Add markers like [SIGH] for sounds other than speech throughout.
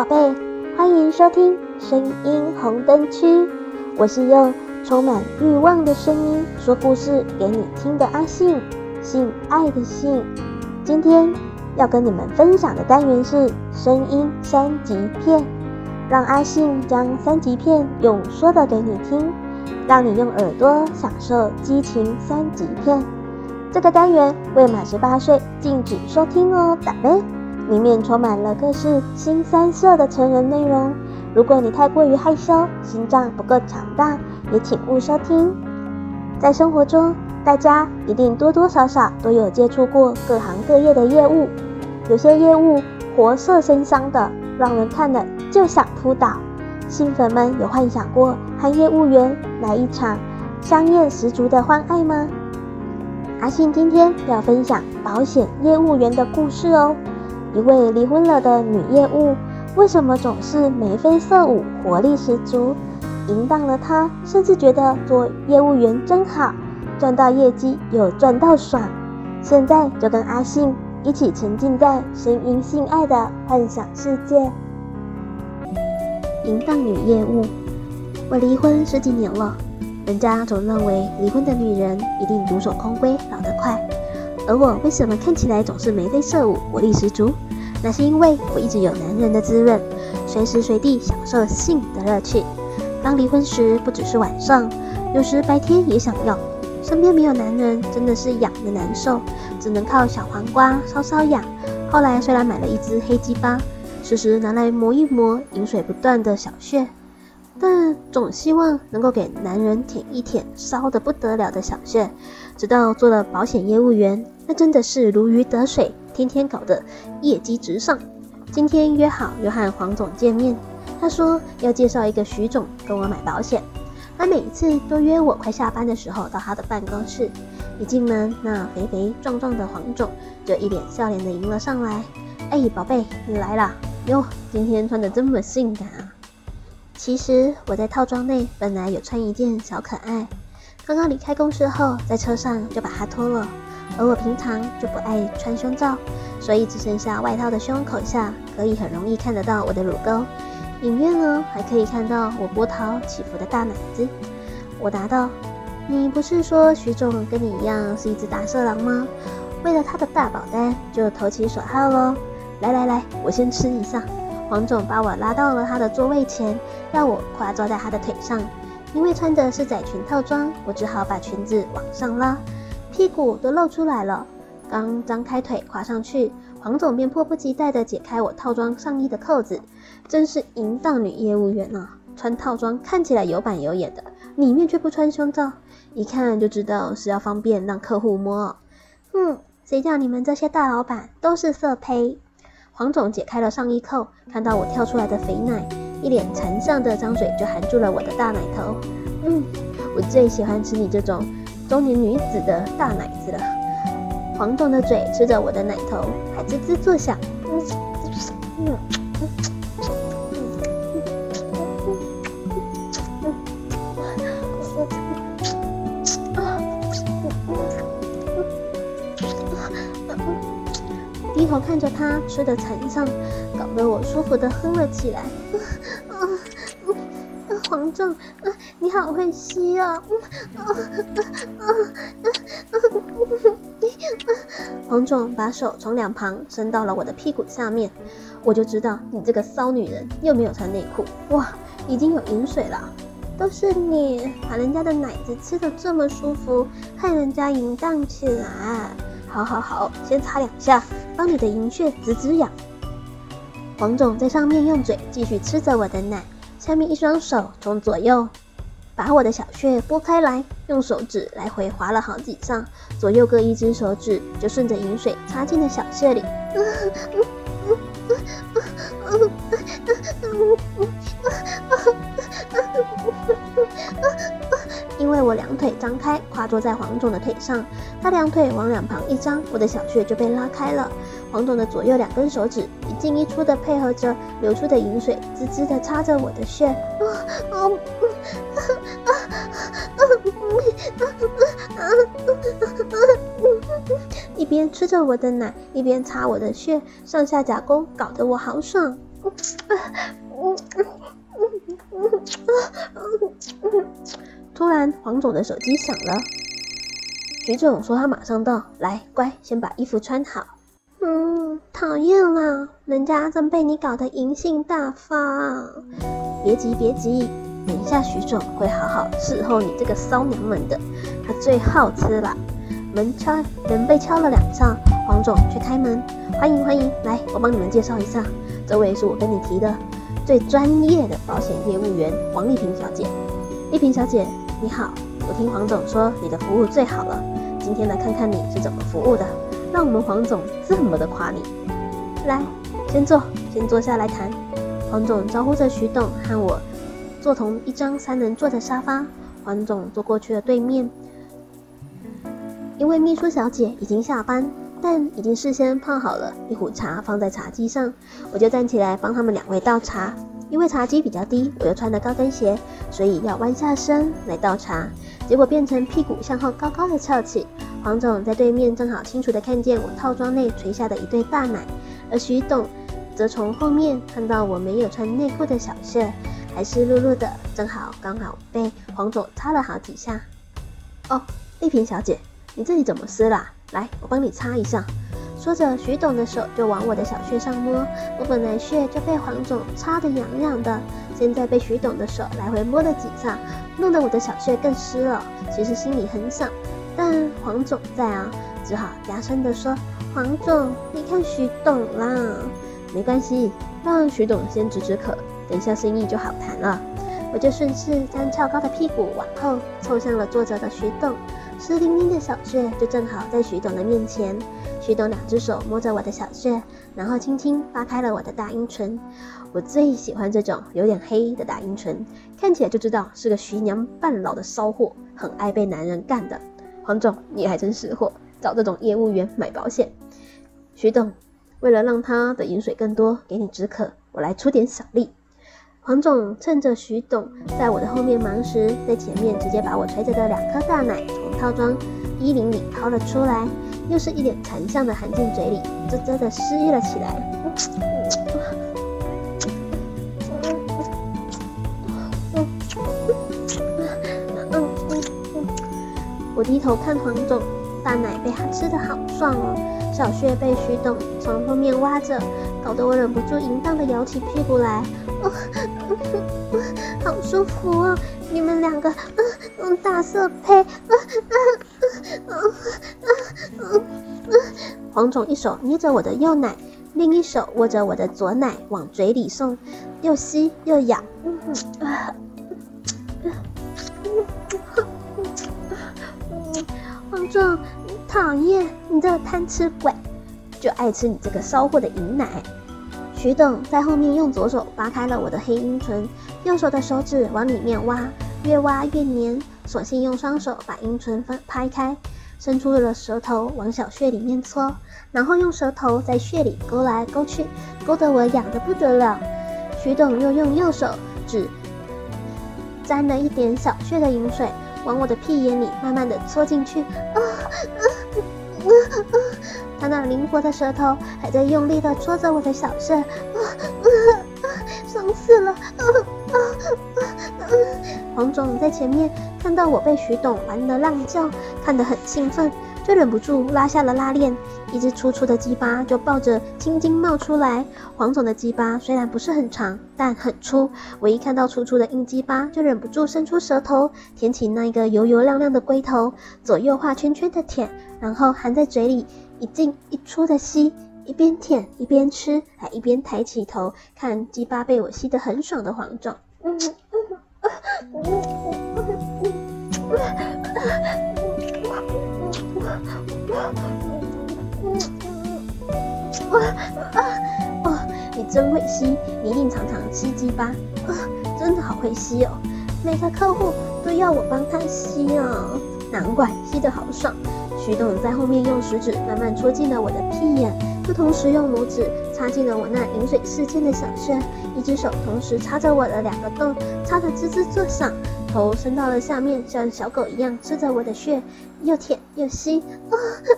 寶貝，歡迎收聽聲音紅燈區，我是用充滿慾望的聲音說故事給你聽的阿性，性愛的性。今天要跟你們分享的單元是聲音三級片，讓阿性將三級片用說的給你聽，讓你用耳朵享受激情三級片。這個單元未滿十八歲禁止收聽哦，打唄。裡面充滿了各式新三色的成人內容，如果你太過於害羞，心臟不夠強大，也請勿收聽。在生活中，大家一定多多少少都有接觸過各行各業的業務，有些業務活色生香的，讓人看了就想撲倒。性粉們有幻想過和業務員來一場香艷十足的歡愛嗎？阿性今天要分享保險業務員的故事哦。一位離婚了的女業務，為什麼總是眉飛色舞、活力十足？淫蕩的她甚至覺得做業務員真好，賺到業績又賺到爽。現在就跟阿性一起沉浸在聲音性愛的幻想世界。淫蕩女業務，我離婚十幾年了，人家總認為離婚的女人一定獨守空閨、老得快。而我為什麼看起來總是眉飛色舞、活力十足？那是因為我一直有男人的滋潤，隨時隨地享受性的樂趣。剛離婚時不只是晚上，有時白天也想要。身邊沒有男人，真的是癢得難受，只能靠小黃瓜搔搔癢。後來雖然買了一隻黑雞巴，時時拿來磨一磨，淫水不斷的小穴。但總希望能夠給男人舔一舔，騷的不得了的小穴。直到做了保險業務員，那真的是如魚得水，天天搞得業績直上。今天約好要和黃總見面，他說要介紹一個徐總跟我買保險，他每一次都約我快下班的時候到他的辦公室。一進門，那肥肥壯壯的黃總就一臉笑臉的迎了上來：“哎，寶貝，你來啦喲，今天穿的這麼性感啊！”其實我在套裝內本來有穿一件小可愛，剛剛離開公司後，在車上就把它脫了。而我平常就不愛穿胸罩，所以只剩下外套的胸口下，可以很容易看得到我的乳溝。隱約呢，還可以看到我波濤起伏的大奶子。我答道：“你不是說徐總跟你一樣是一只大色狼嗎？為了他的大保單，就投其所好嘍。來來來，我先吃一下。黃總把我拉到了他的座位前，讓我跨坐在他的腿上。因為穿的是窄裙套裝，我只好把裙子往上拉，屁股都露出來了。剛張開腿跨上去，黃總便迫不及待地解開我套裝上衣的扣子。真是淫蕩女業務員啊！穿套裝看起來有板有眼的，裡面卻不穿胸罩，一看就知道是要方便讓客戶摸哦。哼，嗯，誰叫你們這些大老板都是色胚！黃總解開了上衣釦，看到我跳出來的肥奶，一臉饞相的張嘴就含住了我的大奶頭。嗯，我最喜歡吃你這種中年女子的大奶子了。黃總的嘴吃着我的奶頭，還滋滋作響。嗯嗯低頭看着他吃的慘狀，搞得我舒服的哼了起來。啊啊、黃總、啊，你好會吸、哦、啊！黃、啊、總、啊啊啊啊、把手從兩旁伸到了我的屁股下面，我就知道你這個騷女人又沒有穿內褲。哇，已經有淫水了，都是你把人家的奶子吃的這麼舒服，害人家淫蕩起來。好，好，好，先擦兩下，幫你的淫穴止止癢。黃總在上面用嘴繼續吃着我的奶，下面一雙手從左右把我的小穴撥開來，用手指來回劃了好幾下，左右各一隻手指就順着淫水插進了小穴裡。啊啊啊啊啊啊啊啊啊啊啊啊啊啊！因為我兩腿張開，跨坐在黃總的腿上。他兩腿往兩旁一張，我的小穴就被拉開了。黃總的左右兩根手指一進一出的配合着流出的淫水，滋滋的擦着我的穴。 [LAUGHS] 一邊吃着我的奶，一邊擦我的穴，上下夾攻，搞得我好爽。突然，黃總的手機響了。徐總說他馬上到。來，乖，先把衣服穿好。嗯，討厭啦，人家正被你搞得淫興大發。別急，別急，等一下徐總會好好伺候你這個騷娘們的，他最好吃了。門敲，門被敲了兩下，黃總去開門。歡迎歡迎，來，我幫你們介紹一下，這位是我跟你提的最專業的保險業務員黃麗萍小姐。麗萍小姐你好，我聽黃總說你的服務最好了，今天來看看你是怎麼服務的，讓我們黃總這麼的誇你。來，先坐，先坐下來談。黃總招呼着徐董和我坐同一張三人座的沙發，黃總坐過去的對面。因為祕書小姐已經下班，但已經事先泡好了一壺茶放在茶幾上，我就站起來幫他們兩位倒茶。因為茶几比較低，我又穿了高跟鞋，所以要彎下身來倒茶，結果變成屁股向後高高的翹起。黃總在對面正好清楚地看見我套裝內垂下的一對大奶，而徐董則從後面看到我沒有穿內褲的小穴還濕漉漉的，正好剛好被黃總擦了好幾下。哦，麗萍小姐，你這裡怎麼濕了？來，我幫你擦一下。說着，徐董的手就往我的小穴上摸，我本來穴就被黃總擦得癢癢的，現在被徐董的手來回摸了幾下，弄得我的小穴更濕了。其實心裡很想，但黃總在啊，只好壓聲地說：“黃總，你看徐董啦，沒關係，讓徐董先止止渴，等一下生意就好談了。”我就順勢將翹高的屁股往後湊向了坐着的徐董，濕淋淋的小穴就正好在徐董的面前。徐董兩隻手摸着我的小穴，然後輕輕扒開了我的大陰唇。我最喜歡這種有點黑的大陰唇，看起來就知道是個徐娘半老的騷貨，很愛被男人幹的。黃總，你還真識貨，找這種業務員買保險。徐董為了讓他的淫水更多，給你止渴，我來出點小力。黃總趁着徐董在我的後面忙時，在前面直接把我垂着的兩顆大奶從套裝衣領裡掏了出來。又是一臉饞相的含進嘴裡，嘖嘖的肆意了起來了、嗯嗯嗯嗯嗯。我低頭看黃總，大奶被他、啊、吃的好爽哦，小穴被徐董從後面挖着，搞得我忍不住淫蕩的搖起屁股來、哦嗯，好舒服哦，你們兩個。中文大色胚，黃總一手捏着我的右奶，另一手握着我的左奶往嘴裡送，又吸又咬。中文 um, 黃總，你討厭，你這貪吃鬼，就愛吃你這個騷貨的淫奶。徐董在後面用左手扒開了我的黑陰唇，右手的手指往裡面挖，越挖越黏。索性用雙手把陰唇拍開，伸出了舌頭往小穴裡面搓，然後用舌頭在穴裡勾來勾去，勾得我癢得不得了。徐董又用右手指沾了一點小穴的淫水，往我的屁眼裡慢慢地搓進去。啊啊啊啊！他、呃呃呃、那靈活的舌頭還在用力地搓着我的小穴，啊啊啊！爽、呃、死、呃、了！啊啊啊啊！呃呃黃總在前面看到我被徐董玩的浪叫，看得很興奮，就忍不住拉下了拉鏈，一隻粗粗的雞巴就抱着青筋冒出來。黃總的雞巴雖然不是很長，但很粗，我一看到粗粗的硬雞巴，就忍不住伸出舌頭舔起那個油油亮亮的龜頭，左右畫圈圈的舔，然後含在嘴裡一進一出的吸，一邊舔一邊吃，還一邊抬起頭看雞巴被我吸得很爽的黃總。 [LAUGHS] 啊！ [LAUGHS] 啊啊！哦，你真會吸，你一定常常吸雞巴，哦，真的好會吸哦，每，那個客戶都要我幫他吸啊，哦，難怪吸得好爽。徐董在後面用食指慢慢戳進了我的屁眼。同時用拇指插進了我那淫水四濺的小穴，一隻手同時插着我的兩個洞，插得吱吱作響，頭伸到了下面，像小狗一樣吃着我的穴，又舔又吸，啊、哦、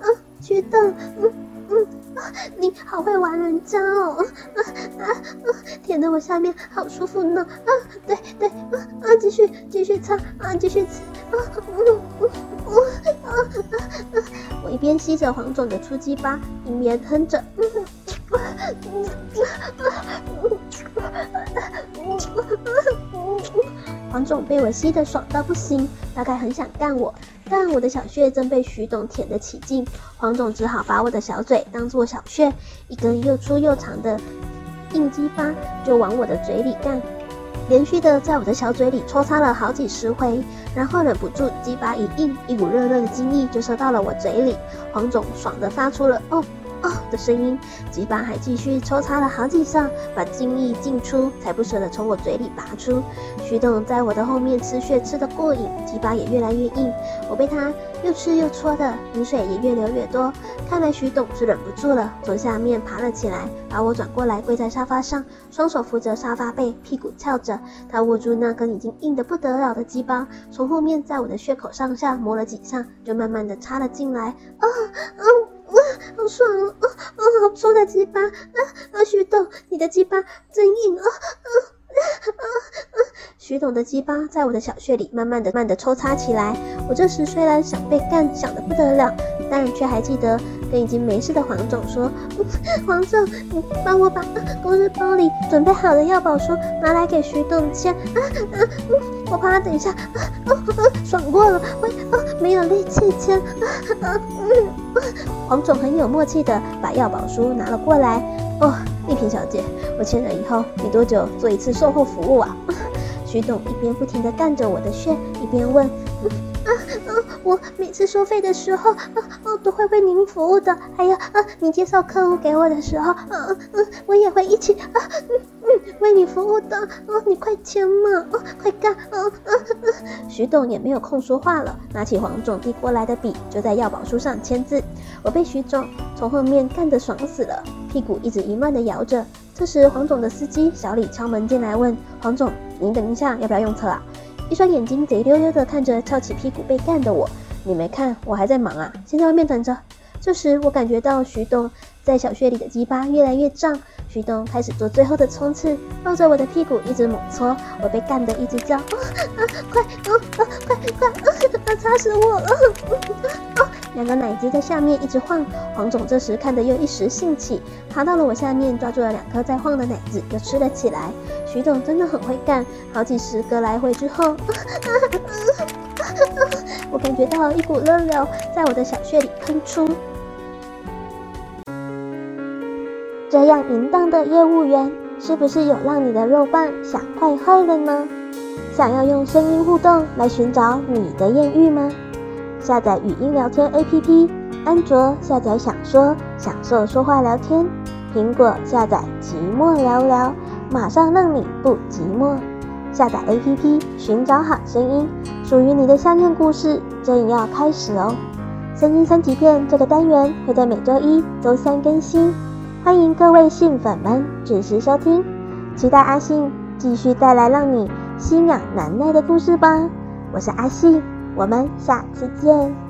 啊，巨、哦、嗯嗯啊，你好會玩人家哦，啊啊啊！舔、啊、的我下面好舒服呢，啊對對，啊啊繼續繼續擦啊繼續吃啊、嗯嗯嗯嗯、啊，啊，啊，我一邊吸着黃總的粗雞巴，一邊哼着。 [LAUGHS] 黃總被我吸得爽到不行，大概很想幹我，但我的小穴正被徐董舔得起勁，黃總只好把我的小嘴當做小穴，一根又粗又長的硬雞巴就往我的嘴裡幹，連續的在我的小嘴裡搓擦了好幾十回，然後忍不住雞巴一硬，一股熱熱的精液就射到了我嘴裡，黃總爽得發出了哦。Oh, 的聲音，雞巴還繼續抽插了好幾下，把精液進出，才不捨得從我嘴裡拔出。徐董在我的後面吃血吃得過癮，雞巴也越來越硬，我被他又吃又搓的，淫水也越流越多。看來徐董是忍不住了，從下面爬了起來，把我轉過來跪在沙發上，雙手扶着沙發背，屁股翹着，他握住那根已經硬得不得了的雞巴，從後面在我的血口上下磨了幾下，就慢慢地插了進來。啊、哦，嗯。好爽哦，哦啊、哦，好粗的雞巴啊！啊，徐董，你的雞巴真硬啊！嗯、啊。徐總的雞巴在我的小穴裡慢慢的、慢，慢的抽插起來。我這時雖然想被幹，想得不得了，但卻還記得跟已經沒事的黃總說：“黃總，你幫我把工作包裡準備好的要保書拿來給徐總簽。”我怕他等一下爽過了會沒有力氣簽。黃總很有默契的把要保書拿了過來。哦，麗萍小姐，我簽了以後，你多久做一次售後服務啊？徐董一邊不停地幹着我的穴，一邊問：“嗯嗯、啊啊、我每次收費的時候，嗯、啊、嗯都會為您服務的。還有啊，你介紹客戶給我的時候，嗯嗯嗯我也會一起啊。嗯”為你服務的哦，你快簽嘛，哦，快幹，哦，呵呵。徐總也沒有空說話了，拿起黃總遞過來的筆，就在要保書上簽字。我被徐總從後面幹得爽死了，屁股一直淫亂的搖着。這時黃總的司機小李敲門進來問黃總，您等一下要不要用車啊？一雙眼睛賊溜溜的看着翹起屁股被幹的我，你沒看我還在忙啊，先在外面等着。這時，我感覺到徐董在小穴裡的雞巴越來越脹，徐董開始做最後的衝刺，抱着我的屁股一直猛搓，我被幹得一直叫，啊、哦、啊，快啊、哦、啊，快快，啊，擦死我了，啊、哦哦，兩個奶子在下面一直晃，黃總這時看得又一時興起，爬到了我下面，抓住了兩顆在晃的奶子，又吃了起來。徐董真的很會幹，好幾十個來回之後，啊啊，啊，啊，啊，我感覺到一股熱流在我的小穴裡噴出。這樣淫蕩的業務員，是不是有讓你的肉棒想壞壞了呢？想要用聲音互動來尋找你的豔遇嗎？下載語音聊天 APP，安卓下載享說，享受說話聊天；蘋果下載寂寞聊聊，馬上讓你不寂寞。下載 APP 尋找好聲音，屬於你的香豔故事正要開始哦。聲音三級片這個單元會在每週一週三更新。歡迎各位性粉們準時收聽，期待阿性繼續帶來讓你心癢難耐的故事吧！我是阿性，我們下次見。